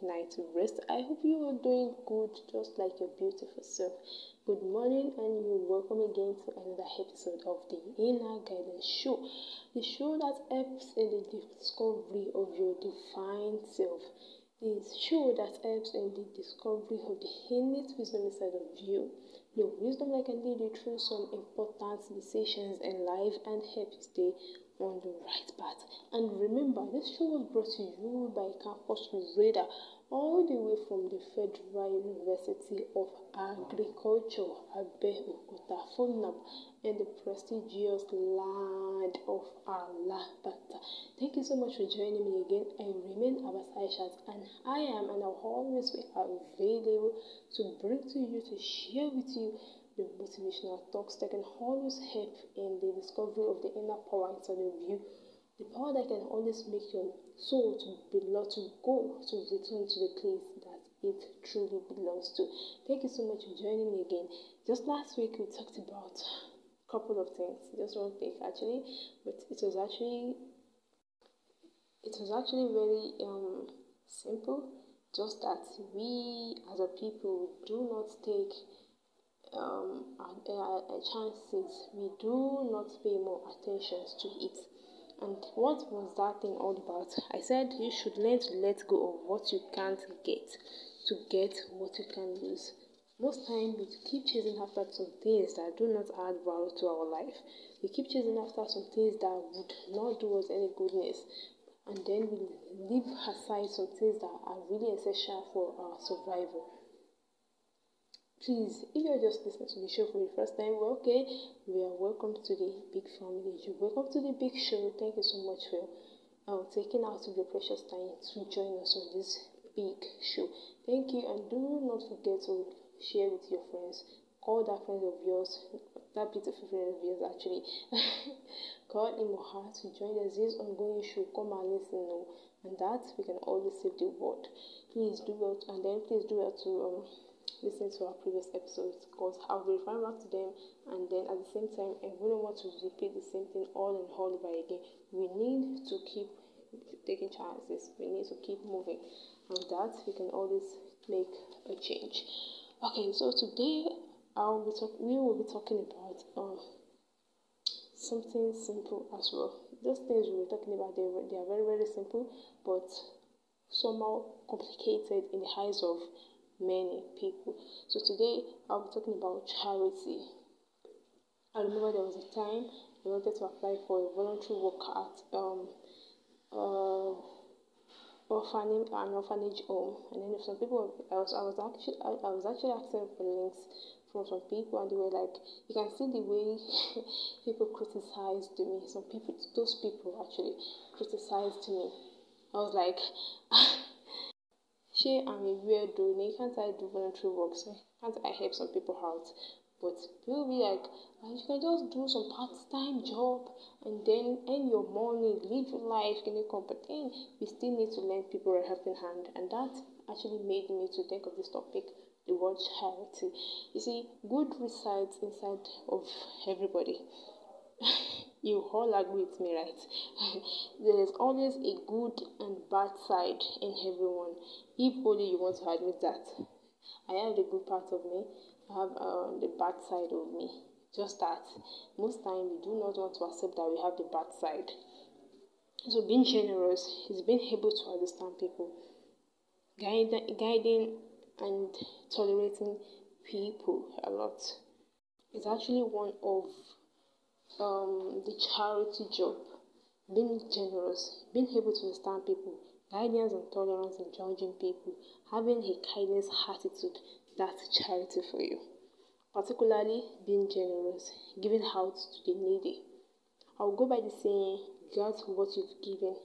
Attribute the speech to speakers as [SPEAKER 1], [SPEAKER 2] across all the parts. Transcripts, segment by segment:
[SPEAKER 1] good to rest. I hope you are doing good, just like your beautiful self. Good morning, and you're welcome again to another episode of the Inner Guidance Show, the show that helps in the discovery of your divine self. This show that helps in the discovery of the innate wisdom inside of you, your wisdom that can lead you through some important decisions in life and help you stay on the right path. And remember, this show was brought to you by Campus Radar, all the way from the Federal University of Agriculture, Abeokuta, Funab, and the prestigious land of Alabata. Thank you so much for joining me again. I remain Abbas Aishat, and I am and I'll always be available to bring to you, to share with you the motivational talks that can always help in the discovery of the inner power inside of you. The power that can always make your soul to belong to go to return to the place that it truly belongs to. Thank you so much for joining me again. Just last week we talked about a couple of things, just one thing actually, but it was actually it was actually very um, simple. Just that we as a people do not take um, uh, a chances we do not pay more attention to it. And what was that thing all about? I said you should learn to let go of what you can't get to get what you can use. Most time we keep chasing after some things that do not add value to our life. We keep chasing after some things that would not do us any goodness. And then we leave aside some things that are really essential for our survival. Please, if you're just listening to the show for the first time, well, okay, we are welcome to the big family. You're welcome to the big show. Thank you so much for um, taking out of your precious time to join us on this big show. Thank you, and do not forget to share with your friends. all that friend of yours, that beautiful friend of yours, actually. Call him or her to join us this ongoing show. Come and listen oh. And that we can always save the world. Please do well, and then please do well to um, listen to our previous episodes because I'll be referring back to them and then at the same time I wouldn't want to repeat the same thing all and all over again. We need to keep taking chances. We need to keep moving. And that we can always make a change. Okay, so today I'll be talk- we will be talking about um, something simple as well. Those things we were talking about they, they are very very simple but somehow complicated in the eyes of many people. So today I'll be talking about charity. I remember there was a time I wanted to apply for a voluntary work at um uh, orphanage an orphanage home and then some people I was I was actually I, I was actually asking for links from some people and they were like you can see the way people criticized me some people those people actually criticized me I was like Sure, I'm a weirdo. Now, can't I do voluntary work? So can't I help some people out? But people be like, you can just do some part-time job and then earn your money, live your life, can you come? But then we still need to lend people a helping hand, and that actually made me to think of this topic the word charity. You see, good resides inside of everybody. you all agree with me, right? There's always a good and bad side in everyone, if only you want to admit that. I have the good part of me, I have um, the bad side of me. Just that most time we do not want to accept that we have the bad side. So being generous is being able to understand people, guiding, guiding and tolerating people a lot. It's actually one of um, the charity job, being generous, being able to understand people, guidance and tolerance in judging people, having a kindness attitude, that's charity for you. Particularly being generous, giving out to the needy. I'll go by the saying, get what you've given.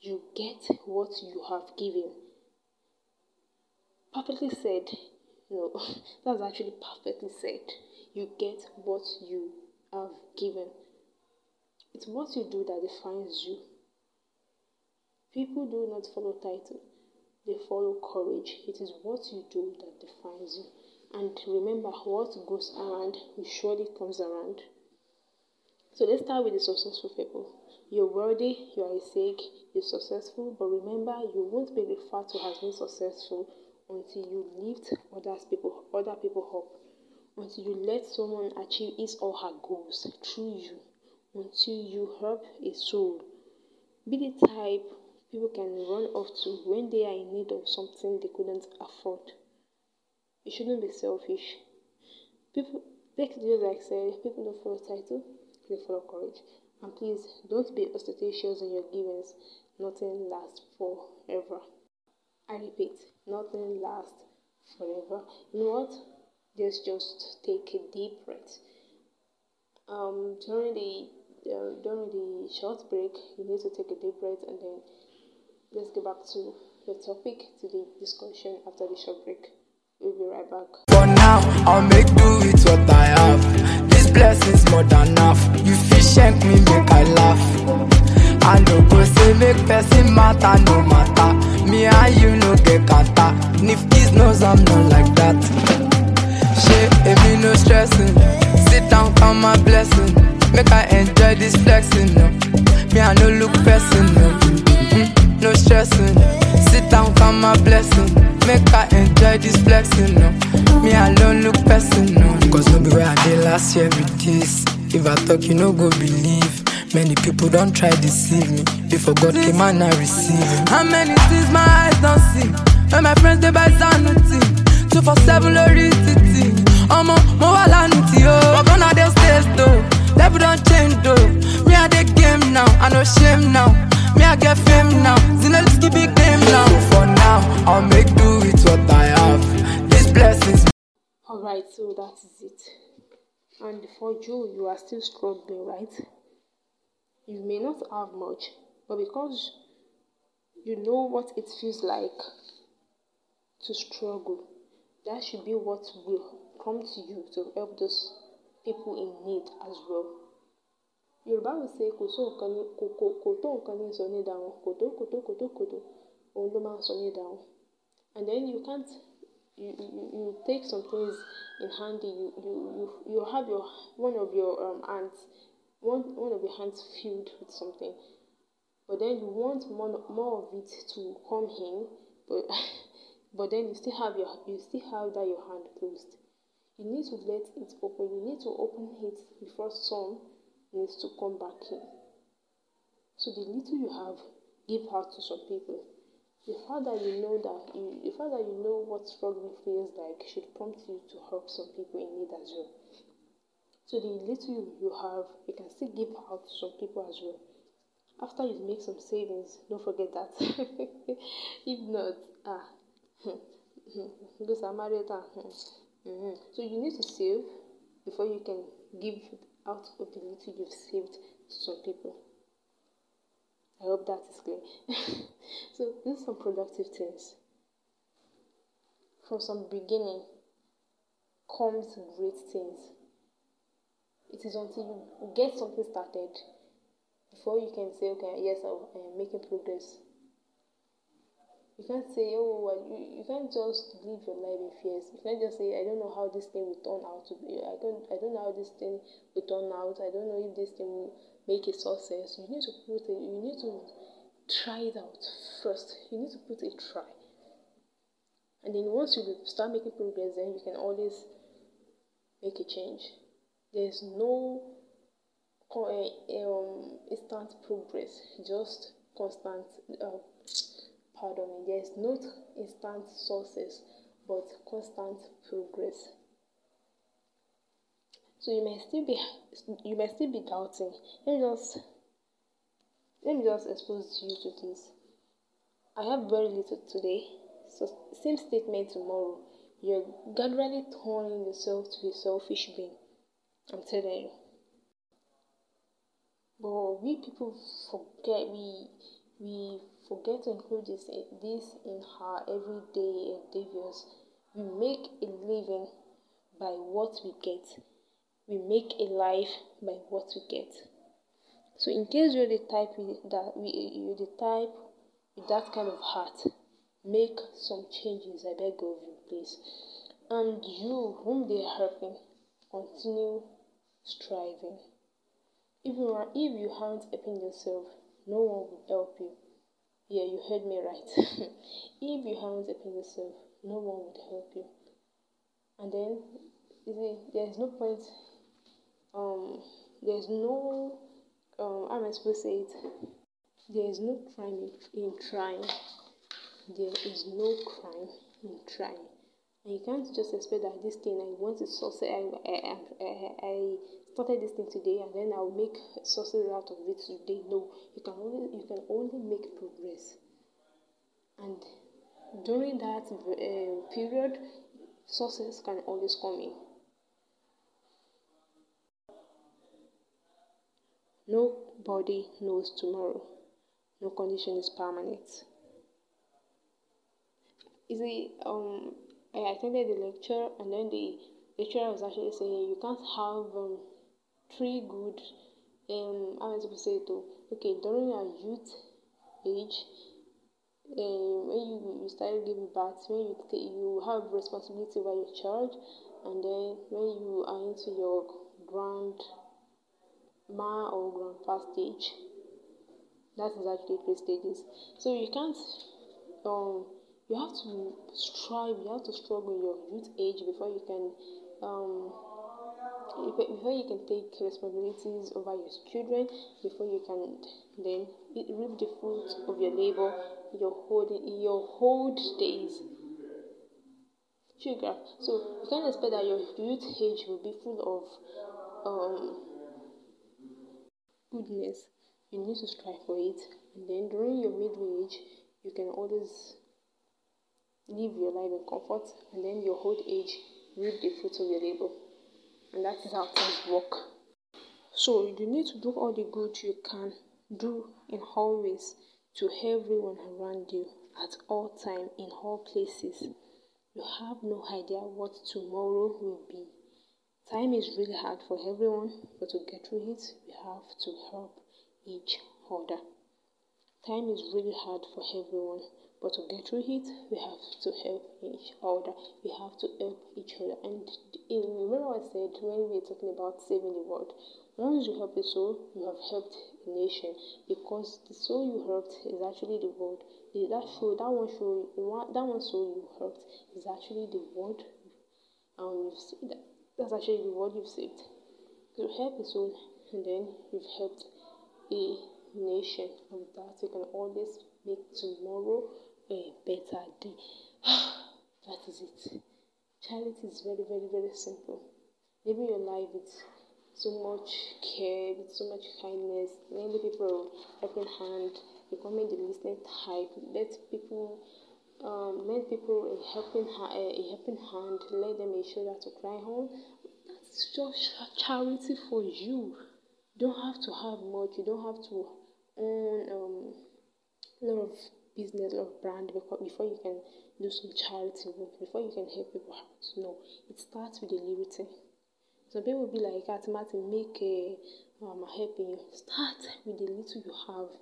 [SPEAKER 1] You get what you have given. Perfectly said. No, that's actually perfectly said. You get what you have given. It's what you do that defines you. People do not follow title, they follow courage. It is what you do that defines you. And remember, what goes around will surely comes around. So let's start with the successful people. You're worthy, you are a sick, you're successful, but remember, you won't be referred to as being successful until you lift other people, other people up until you let someone achieve his or her goals through you, until you help a soul. Be the type people can run off to when they are in need of something they couldn't afford. You shouldn't be selfish. People, like just like said, people don't follow title, they follow courage. And please don't be ostentatious in your givings. Nothing lasts forever. I repeat, nothing lasts forever. You know what? just just take a deep breath. Um, during the uh, during the short break, you need to take a deep breath and then let's get back to the topic to the discussion after the short
[SPEAKER 2] break. We'll be right back. For now, I'll make do with what I have. This blessing's more than enough. You fish shank me, make I laugh. I go say make person matter, no matter. Me and you no get kata. Nifty's I'm not like that shit, it no stressing. Sit down, count my blessing. Make I enjoy this flexing. No. Me, I no look pressing. No, mm, no stressing. Sit down, count my blessing. Make I enjoy this flexing. No. Me, I don't look pressing. No. Cause no be where I did last year with this. If I talk, you no go believe. Many people don't try deceive me. Before God this, came and I receive him. How many things my eyes don't see? When my friends they buy Zanuti. Two for seven, Lori Titi ọmọ mo wà lánàá tí o stage level don change game now i no shame now get fame now now for now i'll make do with what i have these blessings. alright so
[SPEAKER 1] that is it and for you you are still struggling right you may not have much but because you know what it feels like to struggle. That should be what will come to you to help those people in need as well. Yorùbá will say kò tó nǹkan koto kò kò kò tó nǹkan ní sọ ní ìdáhùn kò tó kò tó And then you can't you you you take some things in hand. you you you you have your one of your um, hands one one of your hands filled with something but then you want more more of it to come in but but then you still have your you still have that your hand closed you need to let it open. You need to open it before sun needs to come back in. So the little you have, give out to some people. The fact that you know that you, the fact that you know what struggling feels like should prompt you to help some people in need as well. So the little you have, you can still give out to some people as well. After you make some savings, don't forget that. if not, ah, those are married. Ah, hmm. Mm-hmm. So you need to save before you can give out of the little you've saved to some people. I hope that is clear. so these are productive things. From some beginning comes great things. It is until you get something started before you can say, okay, yes, I'm making progress. You can't say, oh, you, you can't just live your life in fears. You can't just say, I don't know how this thing will turn out to be. I don't, I don't know how this thing will turn out. I don't know if this thing will make a success. You need to put it. You need to try it out first. You need to put a try. And then once you start making progress, then you can always make a change. There's no eh, um, instant progress, just constant. Uh, pardon me, there's not instant success, but constant progress. So you may still be you may still be doubting. Let me just let me just expose you to this. I have very little today, so same statement tomorrow. You're gradually turning yourself to a selfish being. I'm telling you. But we people forget we we forget to include this, eh, this in our everyday endeavors. We make a living by what we get. We make a life by what we get. So in case you're the type that you're the type with that kind of heart, make some changes. I beg of you, please. And you, whom they are helping, continue striving. If you if you aren't helping yourself, no one will help you. Yeah, you heard me right. if you haven't helped yourself, no one would help you. And then, you see, there's no point, um, there's no, um, how am I supposed to say it? There is no crime in trying. There is no crime in trying. And you can't just expect that this thing, I want to succeed, I, I, I, I, I started this thing today and then I'll make sources out of it today. No, you can only you can only make progress. And during that um, period, sources can always come in. Nobody knows tomorrow. No condition is permanent. Is it? um, I attended the lecture and then the lecturer was actually saying you can't have um, three good um how am I supposed to say it though? Okay, during your youth age, um, when you, you start giving birth, when you you have responsibility over your child, and then when you are into your grandma or grandpa stage, that is actually three stages. So you can't um you have to strive, you have to struggle your youth age before you can um before you can take responsibilities over your children, before you can then reap the fruits of your labor, your whole your whole days. Sugar. So you can't expect that your youth age will be full of um, goodness. You need to strive for it, and then during your middle age, you can always live your life in comfort, and then your old age reap the fruits of your labor. and that is how things work. So you need to do all the good you can do in all ways to everyone around you at all time in all places. You have no idea what tomorrow will be. Time is really hard for everyone, but to get through it, we have to help each other. Time is really hard for everyone, But to get through it, we have to help each other. We have to help each other. And in, remember I said when we were talking about saving the world, once you help a soul, you have helped a nation because the soul you helped is actually the world. That show, that one soul, that one soul you helped is actually the world, and you've saved. That. That's actually the world you've saved. You help a soul, and then you've helped a nation. And that you can always make tomorrow a better day. that is it. Charity is very, very, very simple. Living your life with so much care, with so much kindness, many people helping hand, becoming the listening type, let people um, lend people a helping, ha- a helping hand, Let them a shoulder to cry on. That's just charity for you. You don't have to have much. You don't have to own um, a lot of business, or brand before, before you can do some charity work, before you can help people out. No, it starts with delivery. Some people will be like, at ah, Martin, make a, um, I'm helping you. Start with the little you have.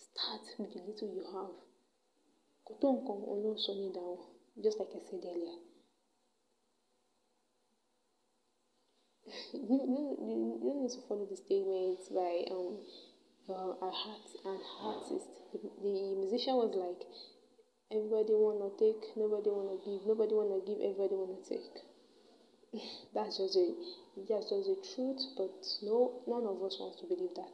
[SPEAKER 1] Start with the little you have. just like I said earlier. you, you, you, need to follow the statements by um uh, an artist, an artist. The, the musician was like, everybody wanna take, nobody wanna give, nobody wanna give, everybody wanna take. that's just a that's just the truth, but no none of us wants to believe that.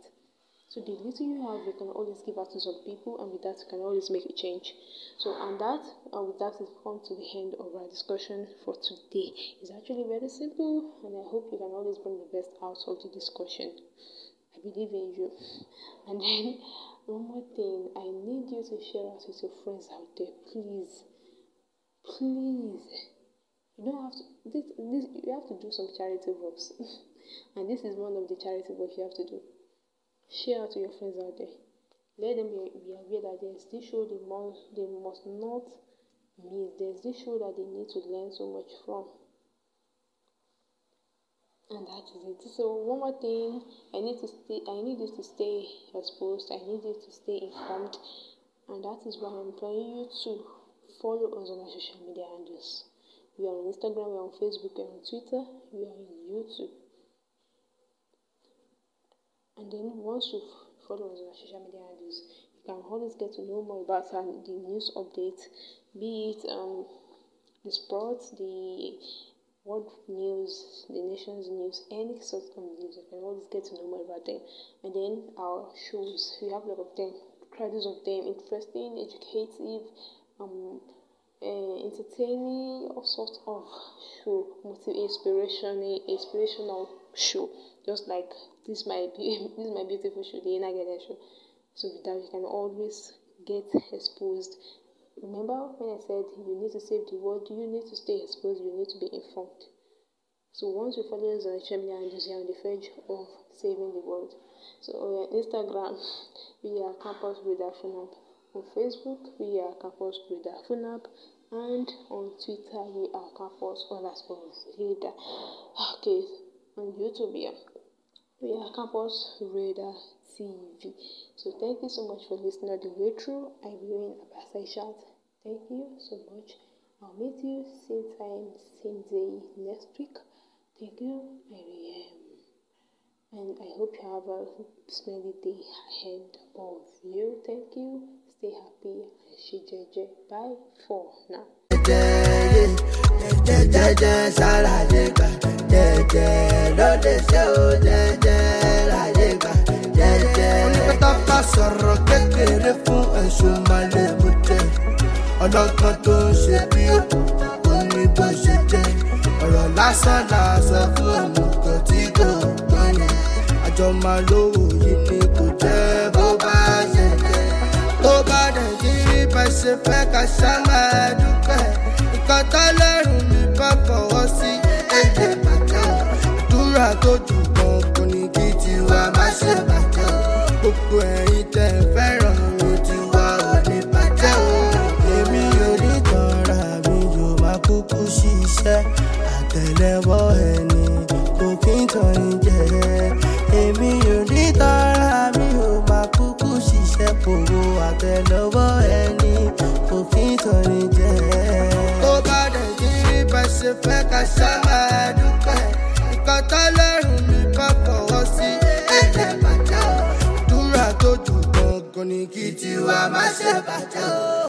[SPEAKER 1] So the little you have, you can always give out to some people, and with that, you can always make a change. So, and that, and with that, we've come to the end of our discussion for today. It's actually very simple, and I hope you can always bring the best out of the discussion believe in you. And then one more thing, I need you to share us with your friends out there, please. Please. You don't have to this, this you have to do some charity works. and this is one of the charity works you have to do. Share out to your friends out there. Let them be, be aware that there's this show they must they must not miss. There's this show that they need to learn so much from and that is it so one more thing i need to stay i need you to stay exposed i need you to stay informed and that is why i'm imploring you to follow us on our social media handles we are on instagram we are on facebook we are on twitter we are on youtube and then once you follow us on our social media handles you can always get to know more about the news updates be it um the sports the world news, the nation's news, any sort of news. I can always get to know more about them. And then our shows, we have a lot of them, crowds of them, interesting, educative, um, uh, entertaining, all sorts of show, Motivational, inspirational, inspirational show. Just like this might be this is my beautiful show, the Inagada show. So that we can always get exposed Remember when I said you need to save the world, you need to stay exposed, you need to be informed. So once you follow us on the media and you on the verge of saving the world. So on Instagram, we are Campus Redaction App. On Facebook, we are Campus Redaction App. And on Twitter, we are Campus underscore Reader. Okay, on YouTube, yeah. We are Campus Radar TV. So thank you so much for listening all the way through. I'm doing a passage shout. Thank you so much. I'll meet you same time, same day next week. Thank you. I And I hope you have a splendid day ahead of you. Thank you. Stay happy. She
[SPEAKER 2] JJ. Bye for now. sọ̀rọ̀ kékeré fún ẹ̀sùn màlẹ́mú jẹ ọlọ́gbọ́n tó ń ṣe bí ó ní bó ṣe jẹ ọ̀rọ̀ lásán làásán fún òmùgọ̀ tí kò gbọ́n yẹn àjọ máa lówó yìí ni kò jẹ́ bó bá ṣe jẹ gbon bá dẹ̀ kí bá ṣe fẹ́ ká ṣá máa dúpẹ́ nǹkan tọ́lọ́run nìkan fọwọ́ sí èdè bàjẹ́ àdúrà tó dùn. hook i má ṣe bàjẹ́ o.